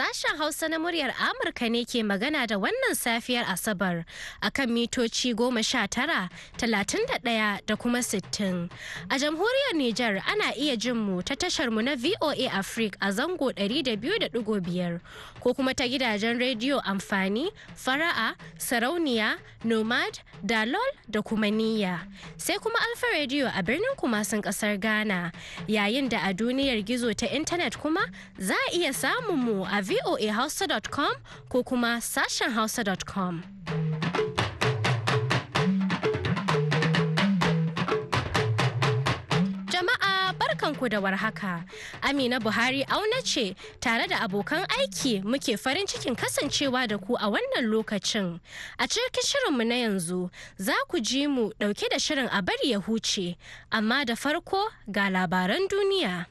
Sashen Hausa na muryar Amurka ne ke magana da wannan safiyar Asabar a kan mitoci goma sha tara, talatin da ɗaya da kuma sittin. A jamhuriyar Nijar ana iya jin mu ta tashar mu na VOA Africa a zango 200.5 ko kuma ta gidajen rediyo amfani, fara'a, sarauniya, nomad, dalol da kuma niyya. Sai kuma Alfa rediyo a birnin kumasin kasar Ghana yayin da a duniyar gizo ta intanet kuma za a iya samun mu a voahausa.com ko kuma sashen hausa.com. Jama'a barkanku da warhaka. Amina Buhari auna ce tare da abokan aiki muke farin cikin kasancewa da ku a wannan lokacin. A cikin shirinmu na yanzu za ku ji mu dauke da shirin a bari ya huce, amma da farko ga labaran duniya.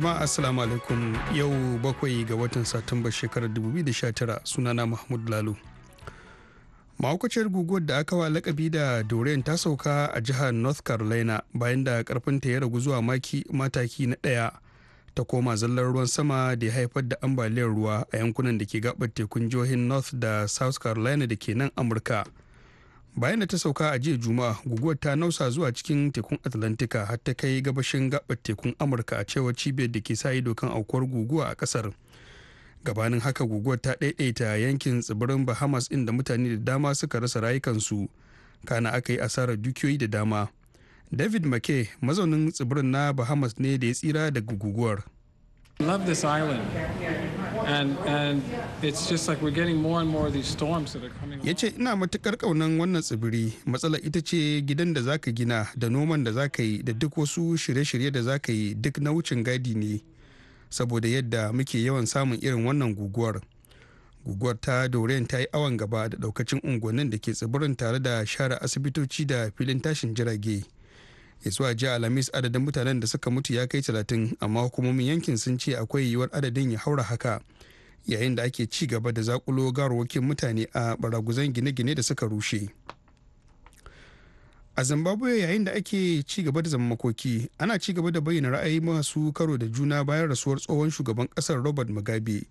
jama'a assalamu alaikum yau bakwai ga watan satumba shekarar 2019 sunana mahmud lalu mahaukaciyar guguwar da aka wa lakabi da dorian ta sauka a jihar north carolina bayan da karfin ta ya ragu zuwa mataki na ɗaya ta koma zallar ruwan sama da ya haifar da ambaliyar ruwa a yankunan da ke gabar tekun jihohin north da south carolina da ke nan amurka bayan da ta sauka a jiya juma'a guguwar ta nausa zuwa cikin tekun atlantika har ta kai gabashin gabar tekun amurka a cewar cibiyar da ke sa ido kan aukuwar guguwa a kasar gabanin haka guguwar ta daidaita yankin tsibirin bahamas inda mutane da dama suka rasa rayukansu kana aka yi asarar dukiyoyi da dama david mckay mazaunin tsibirin na bahamas ne da ya tsira daga guguwar Ya ce ina matukar kaunan wannan tsibiri matsala ita ce gidan da zaka gina da noman da zaka yi da duk wasu shirye-shirye da zaka yi duk na wucin gadi ne saboda yadda muke yawan samun irin wannan guguwar. Guguwar ta Dorian ta yi awon gaba da daukacin unguwannin da ke tsibirin tare da share asibitoci da filin tashin jirage. ya zuwa jiya alhamis adadin mutanen da suka mutu ya kai talatin amma hukumomin yankin sun ce akwai yiwuwar adadin ya haura haka yayin da ake ci gaba da zakulo garwakin mutane a baraguzan gine-gine da suka rushe a zimbabwe yayin da ake ci gaba da makoki ana ci gaba da bayyana ra'ayi masu karo da juna bayan rasuwar tsohon shugaban kasar robert mugabe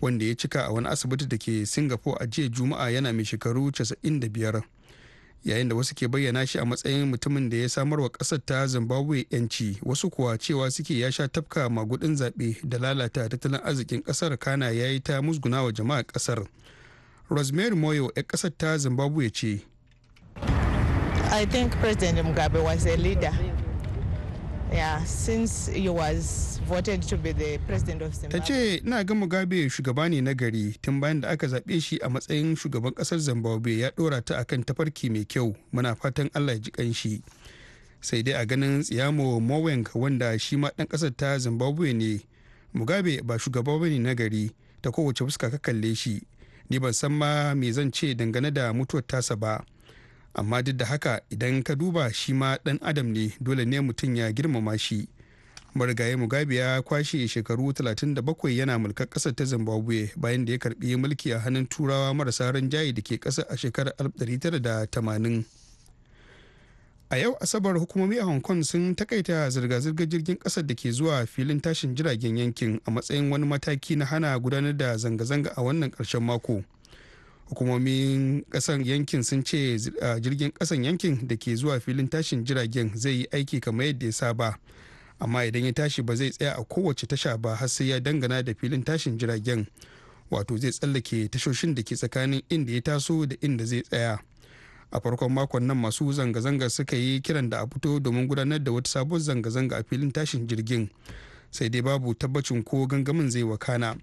wanda ya cika a wani asibiti da ke singapore a jiya juma'a yana mai shekaru 95 yayin da wasu ke bayyana shi a matsayin mutumin da ya samar wa ƙasar ta zimbabwe yanci wasu kuwa cewa suke ya sha tafka magudin zaɓe da lalata tattalin arzikin ƙasar kana ya yi ta musguna wa jama'a ƙasar rosemary moyo 'yan ƙasar ta zimbabwe ce i think president mugabe was a leader Ta ce, "Ina ga Mugabe shugaba ne na gari tun bayan da aka zaɓe shi a matsayin shugaban ƙasar Zimbabwe ya ɗora ta akan tafarki mai kyau, muna fatan Allah ya ji ƙanshi." Sai dai a ganin Tsiyamo Moweng wanda shi ma ɗan ƙasar ta Zimbabwe ne, Mugabe ba shugaba ne na gari ta kowace fuska ka kalle shi. Ni ban san ma me zan ce dangane da mutuwar tasa ba. amma duk da haka idan ka duba shi ma dan adam ne dole ne mutum ya girmama shi marigayi mugabe ya kwashe shekaru 37 yana mulkar kasar ta zimbabwe bayan da ya karbi mulki a hannun turawa marasa ran rinjaye da ke kasa a shekarar 1980 a yau asabar hukumomi a hong kong sun takaita zirga-zirgar jirgin kasar da ke zuwa filin tashin jiragen yankin a matsayin wani mataki na hana gudanar da zanga-zanga a wannan karshen mako. hukumomin kasan yankin sun ce jirgin kasan yankin da ke zuwa filin tashin jiragen zai yi aiki kamar yadda ya saba amma idan ya tashi ba zai tsaya a kowace tasha ba har sai ya dangana da filin tashin jiragen wato zai tsallake tashoshin da ke tsakanin inda ya taso da inda zai tsaya a farkon makon nan masu zanga-zanga suka yi kiran da a fito domin gudanar da wata sabon zanga-zanga a filin tashin jirgin sai dai babu tabbacin ko gangamin zai wakana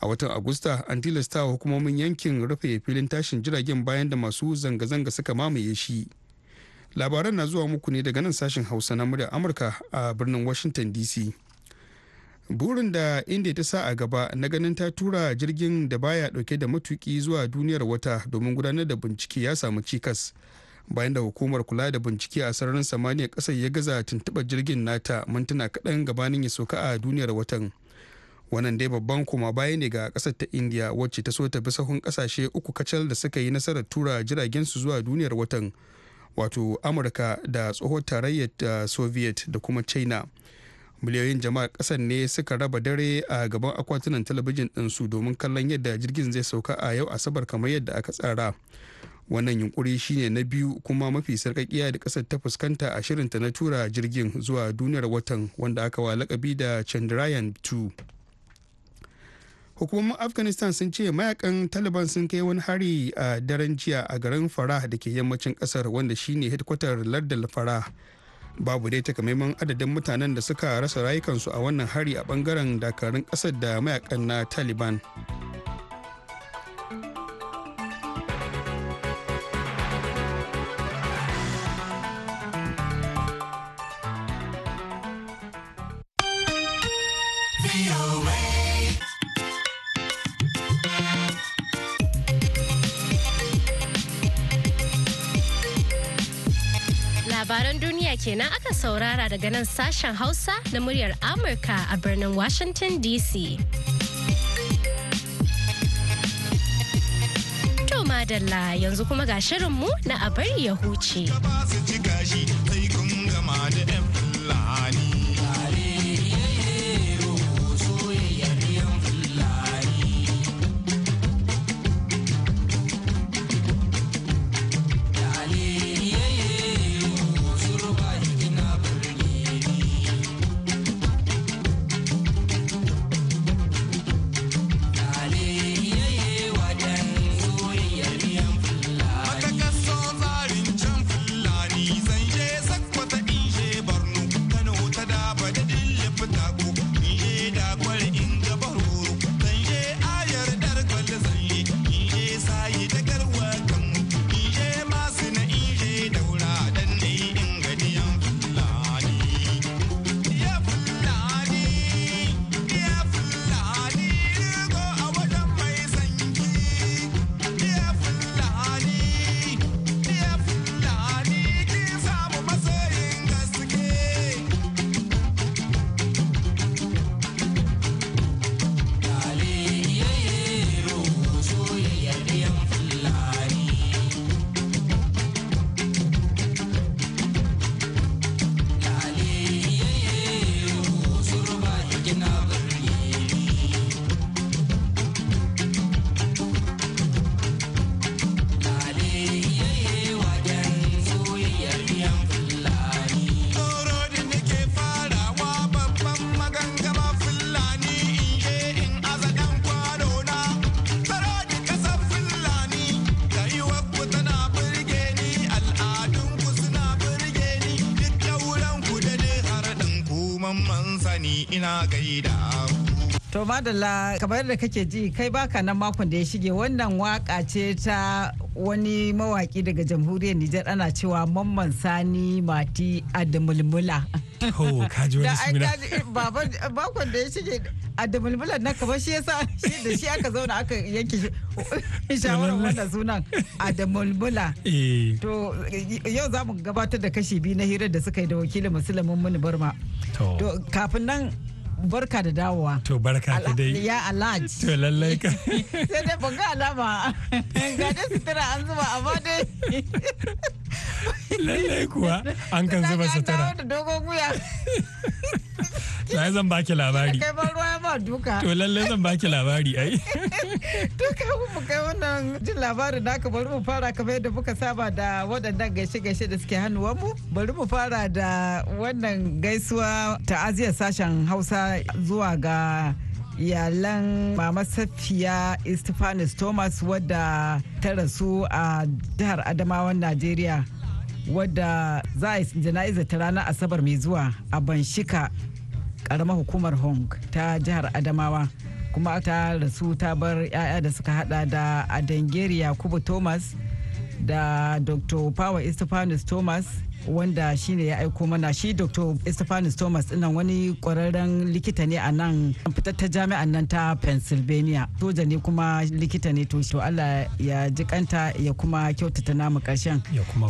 a watan agusta an tilasta wa hukumomin yankin rufe filin tashin jiragen bayan da masu zanga-zanga suka mamaye shi labaran na zuwa muku ne daga nan sashen hausa na murya amurka a birnin washington dc burin da india ta sa a gaba na ganin ta tura jirgin da baya dauke da matuki zuwa duniyar wata domin gudanar da bincike ya samu cikas bayan da hukumar kula da bincike a sararin samaniya kasar ya gaza tuntuɓar jirgin nata mintuna kaɗan gabanin ya sauka a duniyar watan wannan dai babban kuma baya ne ga kasar ta india wacce ta so ta bi sahun kasashe uku kacal da suka yi nasarar tura jiragen su zuwa duniyar watan wato amurka da tsohon tarayyar soviet da kuma china miliyoyin jama'a kasar ne suka raba dare a gaban akwatunan talabijin ɗinsu domin kallon yadda jirgin zai sauka a yau asabar kamar yadda aka tsara wannan yunkuri shine na biyu kuma mafi sarkakiya da kasar ta fuskanta a shirinta na tura jirgin zuwa duniyar watan wanda aka wa lakabi da chandrayan 2 hukumomin afghanistan sun ce mayakan taliban sun kai wani hari a daren jiya a garin farah da ke yammacin kasar wanda shine hedkwatar lardal farah babu dai takamaiman adadin mutanen da suka rasa rayukansu a wannan hari a bangaren dakarun kasar da mayakan na taliban kenan aka saurara daga nan sashen Hausa na muryar Amurka a birnin Washington DC. To madalla yanzu kuma ga shirinmu na abar ya huce. madalla kamar yadda kake ji kai baka nan makon da ya shige wannan waka ce ta wani mawaki daga jamhuriyar Nijar ana cewa mamman sani mati adamulmula. Ho kaji wani suna. Eh, baban bakon da ya shige adamulmula na kamar shi yasa sa da shi aka zauna aka yanke shawarar wannan sunan adamulmula. Eh. To yau za mu gabatar da kashi biyu na hirar da suka yi da wakilin musulmin mun barma. To kafin nan barka da dawowa to barka ka dai ya alaj. to lallai ka sai dai ban ga alama ga dai sutura an zuba amma dai lallai kuwa an kan zuba sutura da dogon wuya na zan baki labari kai ban ruwa ba duka to lallai zan baki labari ai to kafin mu kai wannan jin labarin da aka bari mu fara kamar yadda muka saba da waɗannan gaishe-gaishe da suke hannuwan mu bari mu fara da wannan gaisuwa ta aziyar sashen hausa zuwa ga iyalan mama safiya istifanis thomas wadda ta rasu a jihar adamawan najeriya wadda za a jana'izar ta ranar asabar mai zuwa a banshika karamar hukumar hong ta jihar adamawa kuma ta rasu ta bar 'ya'ya da suka hada da adangeri yakubu thomas da dr power istifanus thomas wanda shi ne ya aiko mana shi dr stephanus thomas dinnan wani kwararren likita ne a nan fitar ta jami'an nan ta pennsylvania soja ne kuma likita ne to allah ya jikanta ya kuma kyautata namu karshen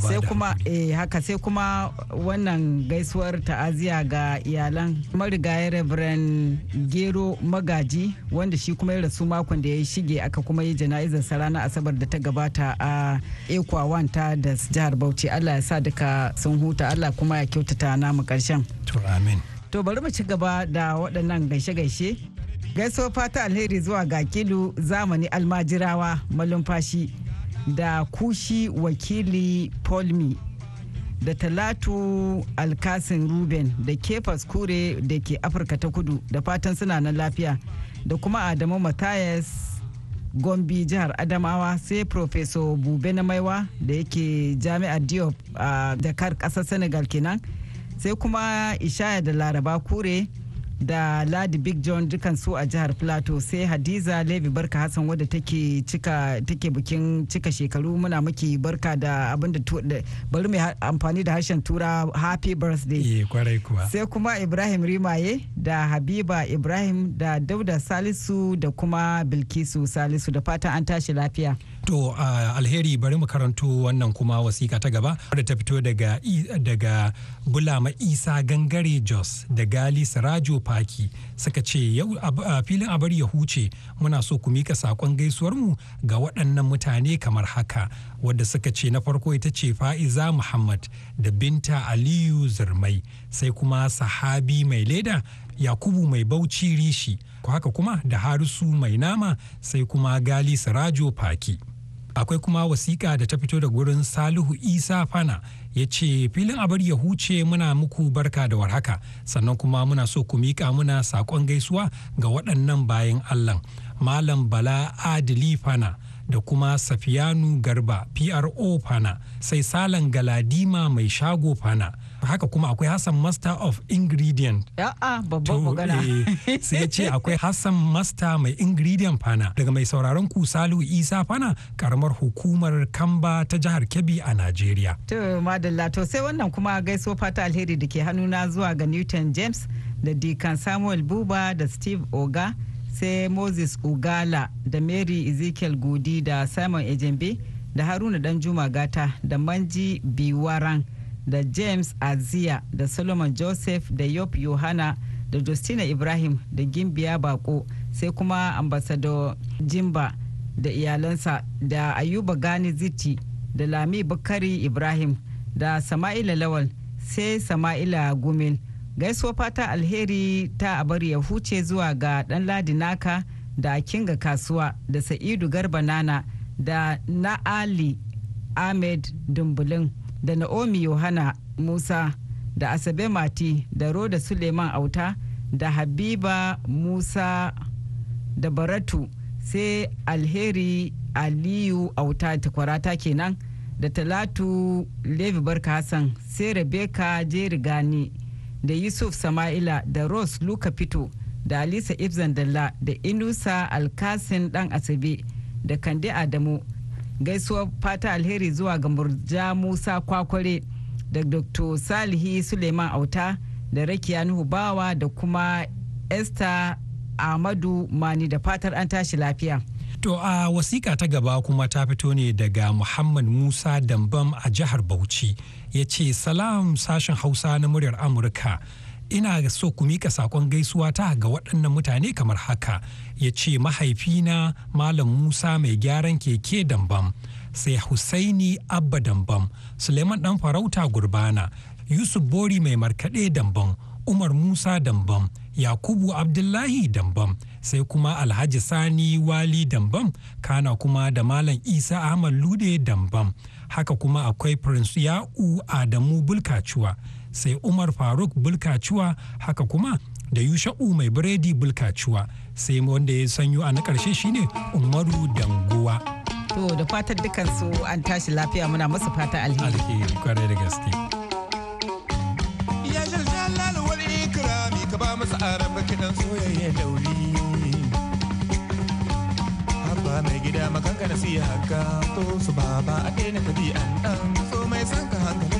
sai kuma eh, haka sai kuma wannan gaisuwar ta'aziya ga iyalan marigayi reverend gero magaji wanda shi kuma ya rasu makon da ya shige aka kuma yi jana'izar sa ranar asabar da ta gabata a ekwawan ta da jihar bauchi allah ya sa duka sun huta Allah kuma ya kyautata namu karshen. To bari mu ci gaba da waɗannan gaishe-gaishe. Gaiso fata alheri zuwa ga kilu zamani almajirawa malumfashi da kushi wakili polmi da talatu alkasin ruben da kefas kure da ke afirka ta kudu da fatan suna nan lafiya da kuma adamu matthias gombi jihar adamawa sai professor bube na maiwa da yake jami'ar diop a dakar kasar senegal kenan sai kuma ishaya da laraba kure da ladi big john dukan su a jihar plateau sai hadiza levi barka hassan wadda take cika take bikin cika shekaru muna miki barka da abin da bari mai amfani da harshen tura happy birthday eh, sai kuma ibrahim rimaye da habiba ibrahim da dauda salisu da kuma bilkisu salisu da fatan an tashi lafiya to alheri bari mu karanto wannan kuma wasiƙa ta gaba Wadda ta fito daga daga bulama isa gangare jos da gali Sarajo Paki. suka ce yau filin abar ya huce muna so ku mika saƙon mu ga waɗannan mutane kamar haka wadda suka ce na farko ita ce fa'iza muhammad da binta aliyu zirmai sai kuma sahabi mai leda yakubu mai bauchi rishi haka kuma da harisu mai nama sai kuma gali sarajo Paki. akwai kuma wasiƙa da ta fito da gurin salihu isa fana ya ce filin abar ya huce muna muku barka da warhaka sannan kuma muna so ku miƙa muna saƙon gaisuwa ga waɗannan bayan allah malam bala adili fana da kuma safiyanu garba pro fana sai salan galadima mai shago fana haka kuma akwai hassan master of ingredient ya'a ah, babban magana eh, sai ce akwai hassan master mai ingredient fana daga mai sauraron ku salu isa fana karamar hukumar kamba ta jihar kebbi a najeriya to madalla to sai wannan kuma gaiso fata alheri da ke hannuna zuwa ga newton james da dikan samuel buba da steve oga sai moses ugala da mary ezekiel godi da simon ejembe da haruna danjuma gata da manji biwaran da james azia da solomon joseph da yop yohana da justina ibrahim da gimbiya bako sai kuma ambassador jimba da iyalansa da ayuba gani ziti da lami bukari ibrahim da sama'ila lawal sai sama'ila gumil gaisuwa fata alheri ta bari ya huce zuwa ga dan ladi naka da kinga kasuwa da sa'idu garba nana da na'ali ahmed dumbulin da Naomi Yohana Musa da Asabe Mati da Roda Suleiman Auta da Habiba Musa da Baratu sai Alheri Aliyu Auta takwarata kenan da Talatu Levi Barka Hassan sai Rebecca Jerigani da Yusuf Sama'ila da Rose Luka Fito da Alisa Dalla da Inusa Alkasin Dan Asabe da Kande Adamu. gaisuwar fata alheri zuwa ga murja musa kwakware da dr salihi suleiman auta da rakiya nuhu bawa da kuma esther ahmadu mani da fatar an tashi lafiya To a wasiƙa ta gaba kuma ta fito ne daga Muhammad Musa Dambam a jihar Bauchi ya ce salam sashen Hausa na muryar Amurka ina so ku mika sakon gaisuwa ta ga waɗannan mutane kamar haka ya ce mahaifina malam musa mai gyaran keke dambam sai husaini abba dambam suleiman ɗan farauta gurbana yusuf bori mai markaɗe dambam umar musa dambam yakubu abdullahi dambam sai kuma alhaji sani wali dambam kana kuma da malam isa ahmad lude dambam haka kuma akwai prince ya'u adamu bulkacuwa sai umar faruk bulkacuwa haka kuma da yusha'u mai biredi bulkacuwa sai wanda ya sanyo a na karshe shine umaru danguwa to da dukan su an tashi lafiya muna masu fata alheri kwarai da gaske ya jalal ikrami ka ba masa araba kidan soyayya dauri haba mai gida makanka nasiha haka to su a daina tabi'an ɗan so mai sanka hankali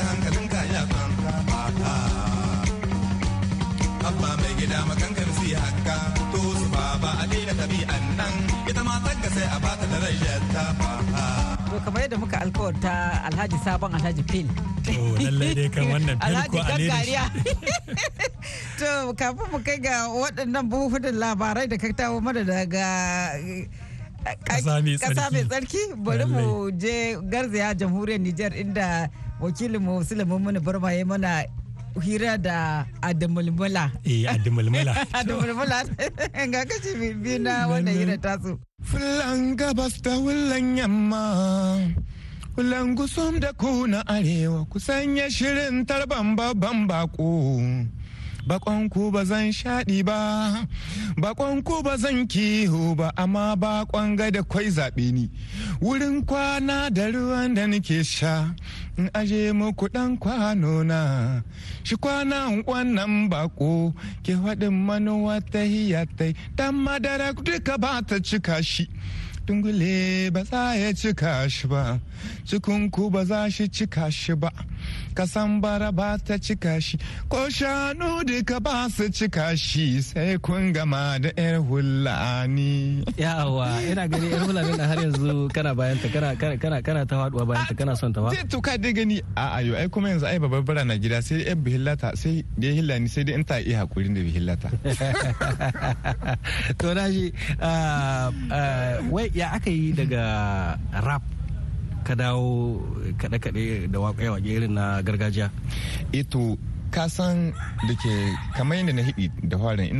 ka hankalin ka ya ta kamar yadda muka alkawarta Alhaji Sabon Alhaji Fil. To lallai dai kan wannan To kafin mu kai ga waɗannan buhuhunan labarai da ka tawo mana daga eh, ƙasa mai tsarki bari mu je garzaya jamhuriyar Nijar inda wakilin mu Sulaiman Mani Barma ya mana hira da adamulmula. Eh adamulmula. Adamulmula ga kashi biyu na wannan hira ta su Fulan gabas da wulan yamma. wulan gusum da kuna arewa kusan ya shirin tarban babban bako. bakon ku ba zan shaɗi ba bakon ku ba zan kiho ba amma bakon gada kwai zaɓe ni wurin kwana da ruwan da nake sha in aje muku dan kwano na shi kwana wannan bako ke faɗin manowa ta hiyatai ɗan madara duka ba ta cika shi dungule ba za ya cika shi ba cikinku ba za shi cika shi ba kasan bara ba ta cika shi ko shanu duka ba su cika shi sai kun gama da yar ni. yawa ina gani yar hulani da har yanzu kana bayan ta kana kana kana ta faduwa bayan ta kana son ta fa ah, to ka dai gani a ayo ai kuma yanzu ai babbar bara na gida sai yar hilata sai da hilani sai dai in ta iya hakuri da hilata. to na shi ah, ah, wai ya aka yi daga rap ka dawo kaɗe-kaɗe da waƙe-waƙe irin na gargajiya eto ka san da ke kamar yadda na hidi da farin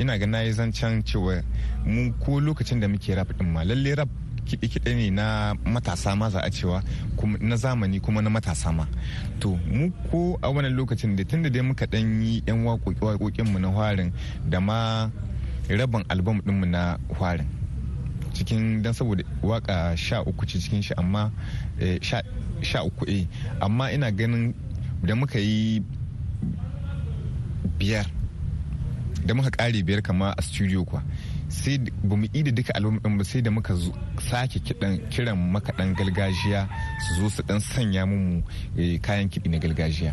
ina ga zan zancen cewa mu ko lokacin da muke rap din ma lalle rap kiɗe-kiɗe ne na matasa ma za a cewa na zamani kuma na matasa ma to mu ko a wannan lokacin da tunda dai muka ɗan yi yan waƙoƙin mu na farin da ma rabin albam ɗinmu na farin cikin dan saboda waka sha uku ce cikin shi amma eh, sha uku e amma ina ganin da muka yi biyar da muka kare biyar kama a studio kuwa sai ba mu ida duka al'ummin ba sai da muka sake kiran makaɗan galgajiya su zo su dan sanya mu eh, kayan kiɗi na galgajiya.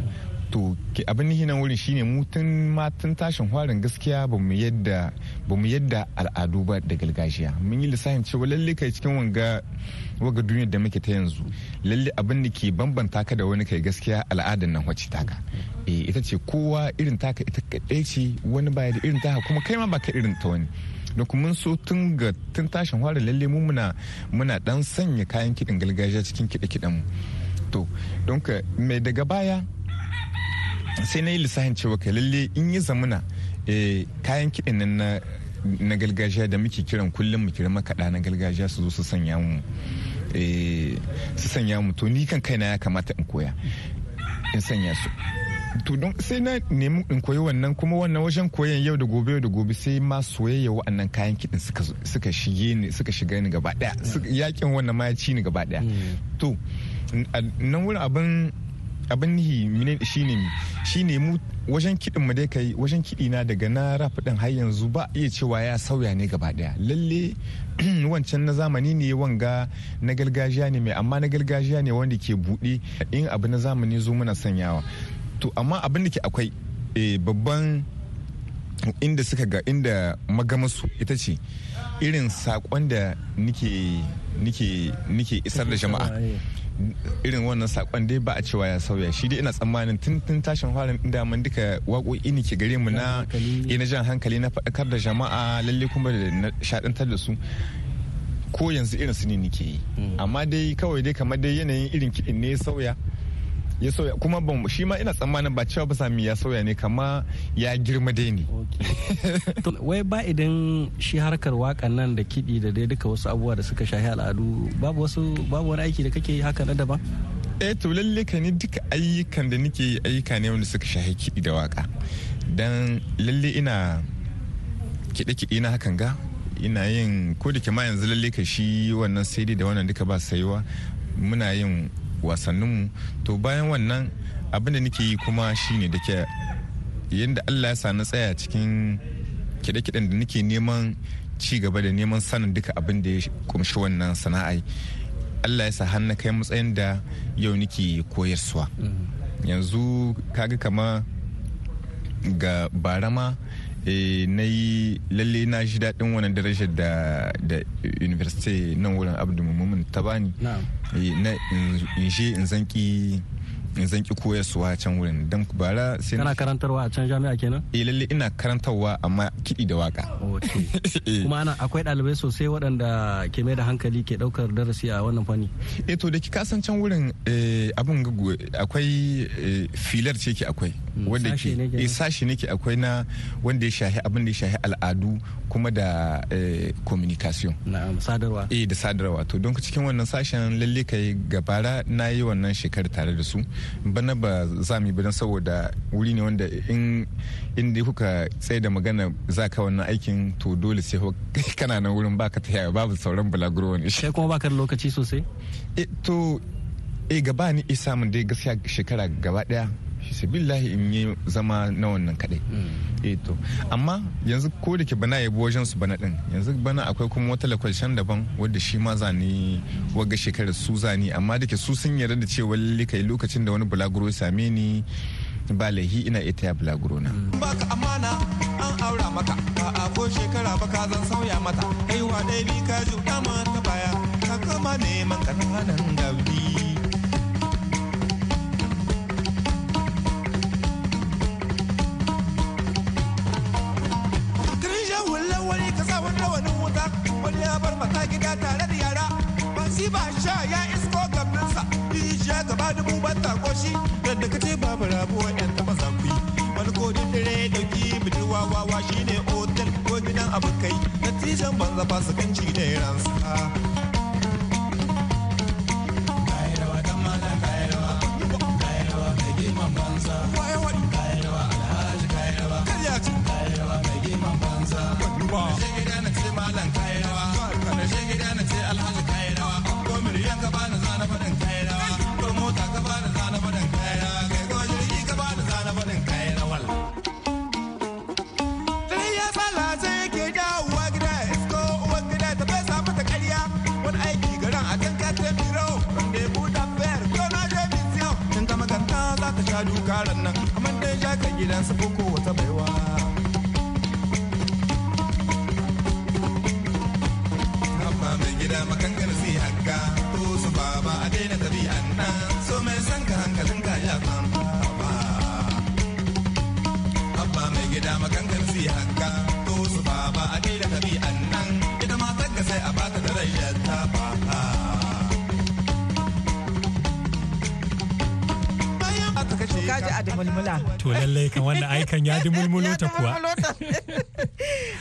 to abin nihi nan wurin shine mu tun tun tashin hwarin gaskiya ba mu yadda ba mu yadda al'adu ba da gargajiya mun yi lissafin cewa lalle kai cikin wanga waga duniyar da muke ta yanzu lalle abin da ke bambanta ka da wani kai gaskiya al'adan nan wacce taka eh ita ce kowa irin taka ita kadai ce wani baya da irin taka kuma kai ma ba irin ta wani da kuma so tun ga tun tashin hwarin lalle mu muna muna dan sanya kayan kiɗin gargajiya cikin kiɗe-kiɗen mu to don ka mai daga baya sai na yi lissafin cewa ka lalle in yi zamuna eh, kayan kiɗan nan na na gargajiya da muke kiran kullum mu kira makaɗa na gargajiya su zo su sanya mu eh, su sanya mu to ni kan kaina ya kamata in koya in sanya su to don sai na nemi in koyi wannan kuma wannan wajen koyan yau da gobe yau da gobe sai ma soyayya wa'annan kayan kiɗin suka shige ni suka shiga ni gaba daya yakin wannan ma ya ci ni gaba daya mm. to nan wurin abin abin nihi ne. shine mu wajen kiɗin mu dai kai wajen kiɗi na daga na rap din har yanzu ba iya cewa ya sauya ne gaba ɗaya lalle wancan na zamani ne wanga na gargajiya ne mai amma na gargajiya ne wanda ke buɗe in abu na zamani zo muna sanyawa to amma abin da ke akwai eh, babban inda suka ga inda magamasu ita ce irin sakon da nike isar da jama'a eh. irin wannan sakon dai ba a cewa ya sauya shi dai ina tsammanin tun tun tashin farin inda man duka waƙoƙi ne ke gare mu na ina eh, jan hankali na faɗakar da jama'a lalle kuma da na shaɗantar da su ko yanzu irin su ne nike yi hmm. amma dai kawai dai kamar dai yanayin irin kiɗin ne sauya ya sauya kuma ban shi ma ina tsammanin ba cewa sami ya sauya ne kama ya girma dai ne wai ba idan shi harkar wakan nan da kiɗi da dai duka wasu abubuwa da suka shahi al'adu babu wasu babu wani aiki da kake yi haka na daban eh to lalle ka ne duka ayyukan da nake yi ayyuka ne wanda suka shahi kiɗi da waka dan lalle ina kiɗe-kiɗe na hakan ga ina yin ko da ma yanzu lalle ka shi wannan sai da wannan duka ba saiwa muna yin wasanninmu to bayan wannan abin da nake yi kuma shine da ke yadda allah ya sa na tsaya cikin kide-kiden da nake neman ci gaba da neman sanin duka abin da ya kumshi wannan sana'a allah ya sa hannu kai matsayin da yau nake koyarsuwa mm. yanzu kaga kama ga barama Eh, na yi lalle na shi daɗin wani darajar da da university nan wurin abdu mumin ta bani eh, na in je in zanki zan ki koya su a can wurin don bara sai kana karantarwa a can jami'a kenan eh lalle ina karantarwa amma kiɗi da waka eh. kuma ana akwai ɗalibai sosai waɗanda ke mai da hankali ke ɗaukar darasi a wannan fanni eh to da ki kasan can wurin eh, abin akwai eh, filar ce ki akwai hmm, wanda ke sashi ne ke akwai na wanda ya shahi abin da ya shahi al'adu kuma da communication na'am sadarwa eh da sadarwa to don cikin wannan sashen lalle kai gabara na yi wannan shekarar tare da su bana ba za mu yi ba saboda wuri ne wanda in inda kuka tsaye da magana za ka wannan aikin to dole sai kana nan wurin baka ta babu sauran bulaguro wani shi kuma baka da lokaci sosai eh, to eh gaba ni isa mun dai gaskiya shekara gaba daya billahi in yi zama na wannan kadai mm. eh to amma yanzu ko da ke bana yabo wajen su bana din yanzu bana akwai kuma wata lakwalshen daban wadda shi ma zani waga shekarar su zani amma da ke su sun yarda da cewa kai lokacin da wani bulaguro same ni ba lahi ina ita ya bulaguro na mm. baka amana an aura maka ba a ko shekara ba ka zan sauya mata wa ɗaya bi ka juɗa ta baya ka kama neman kananan gabi gida tare da yara ban si ba sha ya isko gabninsa yi shi ya gaba dubu ban tako shi yadda ka ce babu rabuwa yan taba zafi wani kodin dare dauki budurwa wawa shine otel ko gidan abokai natijan banza fasikanci da ransa Wow. yaran nan amma dai ja ka gidansa ko wata baiwa mulmula to lallai kan wanda aikan ya di mulmulu ta kuwa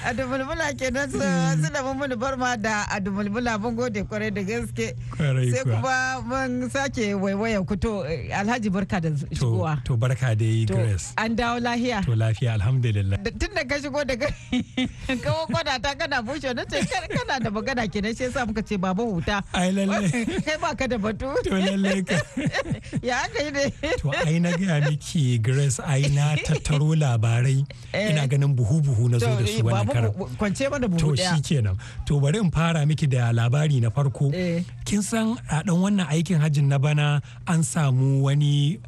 a dumulmula ke nan su hmm. da mun bar ma da a dumulmula mun gode kwarai da gaske sai kuma mun sake waiwaya kuto alhaji barka da shigowa to barka da yi grace an dawo lafiya to lafiya alhamdulillah tun da ka shigo daga kawo kwada ta kana bushe na ce kana da magana kenan shi sa muka ce babu huta ai lalle kai ba ka da batu to lalle ka ya aka yi ne to ai na ga miki grace ai na tattaro labarai eh. ina ganin buhu buhu na zo da su wani kwance kwance mana buɗe to kenan to bari in fara miki da labari na farko eh. kin san a ɗan wannan aikin hajjin na bana an samu wani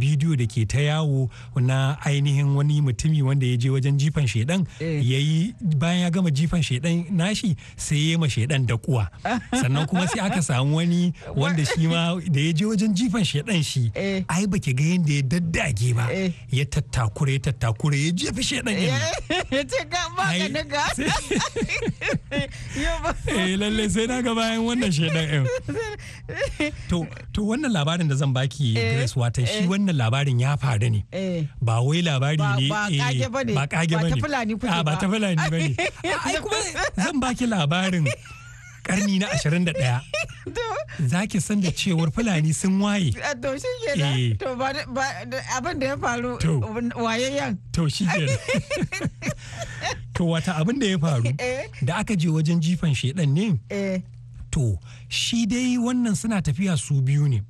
bidiyo da ke ta yawo na ainihin wani mutumi wanda ya je wajen jifan eh. Ya yi bayan ya gama jifan shaidan nashi sai ya ma shaidan da kuwa sannan kuma sai aka samu wani wanda shi ma da ya je wajen jifan shaidan shi eh. ai baki ga yadda ya daddage ba eh. ya tattakure ya tattakure ya jefi shaidan ya ce ga ba ga eh lalle sai na ga bayan wannan shaidan yau to to wannan labarin da zan baki eh, Grace water shi eh. wannan labarin ya faru ne eh. ba wai labari ne ba kage bane ah, ba ta fulani ba ta fulani bane ai kuma zan baki labarin karni na 21 za ki san da cewar fulani sun waye to shi ke eh. to abin da ya faru wayayyan to shi kenan to wata abin da ya faru eh. da aka je wajen jifan shedan ne eh. to shi dai wannan suna tafiya su biyu ne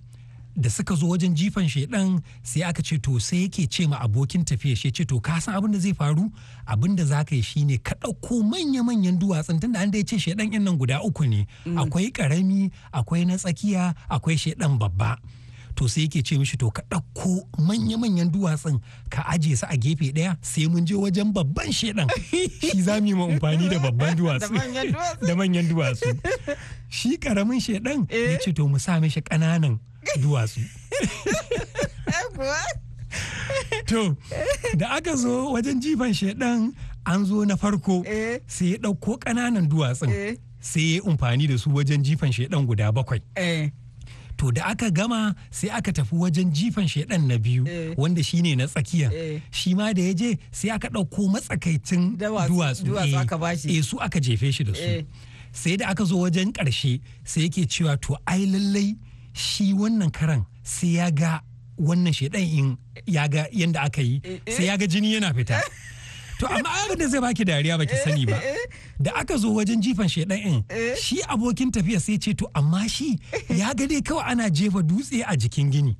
da suka zo wajen jifan shaiɗan sai aka ce to sai yake ce ma abokin tafiya shi ce to ka san abin da zai faru abin da zaka yi shine ka ɗauko manya-manyan duwatsun tunda an da ya ce shaidan in nan guda uku ne mm. akwai karami akwai na tsakiya akwai shaiɗan babba to sai yake ce mishi to ka ɗauko manya-manyan duwatsun ka aje su a gefe ɗaya sai mun je wajen babban shaidan shi za mu yi ma amfani da babban duwatsu da manyan duwatsu shi karamin shaiɗan ya ce to mu sa mishi ƙananan duwatsu to da aka zo wajen jifan shaidan an zo na farko eh. sai ya ɗauko ƙananan duwatsun eh. sai ya umfani da su wajen jifan shaidan guda bakwai eh. to da aka gama sai aka tafi wajen jifan shaidan na biyu wanda shi ne na tsakiya shi ma da ya je sai aka ɗauko matsakaicin duwatsu e su aka jefe shi da su sai da aka zo wajen ƙarshe sai yake cewa to ai lallai shi wannan karan sai ya ga wannan shedan in ya ga yadda aka yi sai ya ga jini yana fita to amma abin da zai baki dariya baki sani ba da aka zo wajen jifan shedan in shi abokin tafiya sai ce to amma shi ya ga dai kawai ana jefa dutse a jikin gini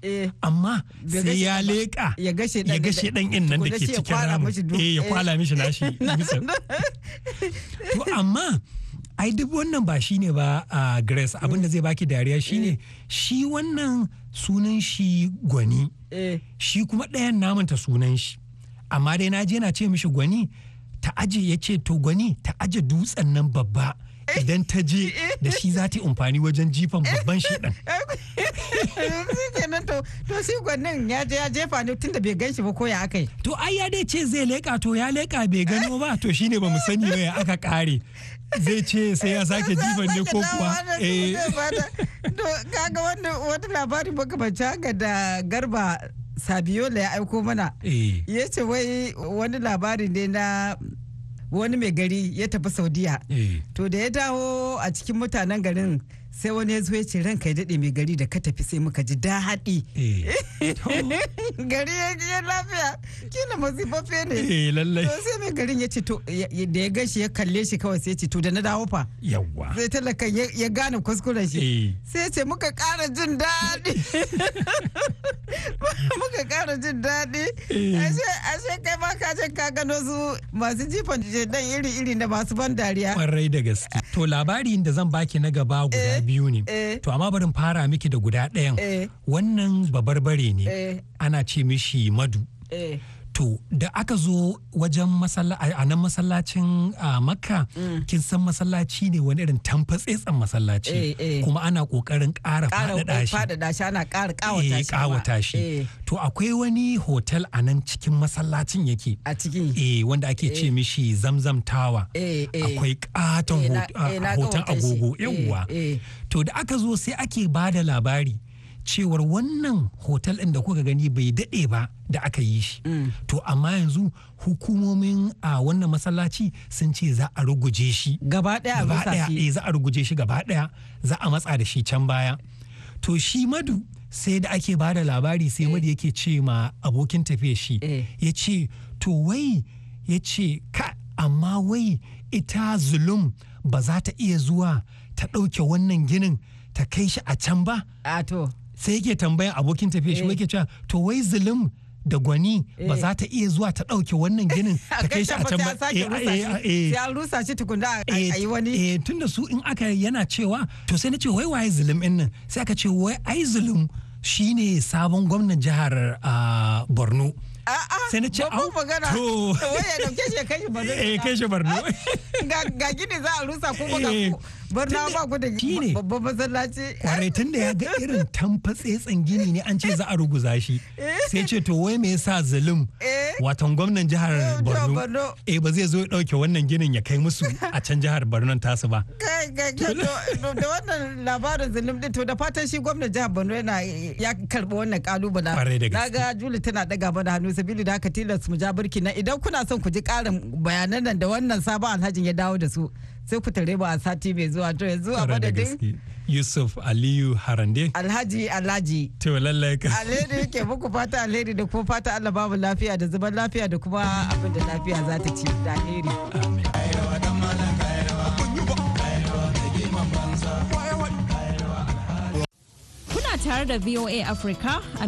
amma sai ya leka ya ga shedan in nan da ke cikin ramu eh ya kwala mishi nashi to amma ai duk wannan ba shine ba a grace abinda da mm. zai baki dariya shine eh. shi wannan sunan shi gwani eh. shi kuma ɗayan namanta sunan shi amma dai na je na ce mishi gwani ta aje ya ce to gwani ta aje dutsen nan babba eh. idan ta je da shi za ta yi amfani wajen jifan babban shi ɗan. to to shi gwanin ya je ya jefa ne da bai gan shi ba ko ya aka yi. To ai ya dai ce zai leƙa to ya leƙa bai gano ba to shine ba mu sani ba ya aka ƙare. zai ce sai ya sake jifan ne ko kuwa eh. kaga wanda wata labari makamanci ga da garba sabiola ya aiko mana eh. ya ce wai wani labari ne na wani mai gari ya tafi saudiya eh. to da ya dawo a cikin mutanen garin sai wani ya zo ya ce ranka ya daɗe mai gari da ka tafi sai muka ji daɗi eh. gari ya lafiya kila mazifafe ne eh, to sai mai garin ya ce to da ya gashi ya kalle shi kawai sai ya ce to da na dawo fa Yawwa. sai talaka ya gane kuskuren shi eh. sai ya ce muka ƙara jin daɗi muka ƙara jin daɗi ashe kai ma ka je ka gano su masu jifan dan iri-iri na masu ban dariya kwarai da gaske to labarin da zan baki na gaba guda biyu ne eh. to amma barin fara miki da guda ɗayan eh. wannan babarbare ne eh. ana ce mishi madu to da aka zo wajen a nan masallacin makka mm. kin san masallaci ne wani irin tamfatsetsen masallaci eh, eh. kuma ana kokarin ƙara faɗaɗa shi ana ƙara ƙawata eh, shi to akwai wani hotel a nan cikin masallacin yake a cikin eh wanda ake ce mishi zamzam tawa akwai ƙaton hoton agogo yawwa to da aka zo sai ake ba da labari cewar wannan hotel ɗin da kuka gani bai daɗe ba da aka yi shi mm. to amma yanzu hukumomin a wannan masallaci sun ce za a ruguje shi gaba ɗaya eh, za a ruguje shi gaba ɗaya za a matsa da shi can baya to shi madu sai da ake ba da labari sai eh. madu yake ce ma abokin tafiya shi eh. ya ce to wai ya ce ka amma wai ita zulum ba za ta iya zuwa ta ɗauke wannan ginin ta kai shi a can ba? sai yake tambayan abokin tafiya shi eh. yake cewa to wai zulum da gwani ba za eh. ta iya zuwa ta ɗauke wannan ginin ta kai shi a can ba eh, rusa shi tukunda a yi wani eh tunda su in aka yana cewa to sai na ce wai waye zulum in nan sai aka ce wai ai zulum shine sabon gwamnan jihar ah, Borno sai na ce au to wai ya dauke shi kai shi Borno eh kai shi Borno ga gini za a rusa ko ba barna ba ku da babban masallaci kwarai tun da ya ga irin tsetsen gini ne an ce za a ruguza shi eh. sai ce to wai me yasa zulum eh. watan gwamnan jihar eh, borno eh ba zai zo ya dauke wannan ginin ya kai musu a can jihar borno tasu ba da wannan labarin zulum din to da fatan shi gwamnan jihar borno yana ya karbi wannan kalubala na ga juli tana daga mana hannu sabili da haka tilas mu ja burki na idan kuna son ku ji karin bayanan nan da wannan sabon alhajin ya dawo da su sai ku tare ba a sati mai zuwa to yanzu da madadin Yusuf Aliyu Harande. Alhaji Alhaji. To lallai ka. Alhaji ke muku fata Alhaji da kuma fata Allah babu lafiya da zaman lafiya da kuma abin da lafiya za ta ci da alheri. Amin. Kuna tare da VOA Africa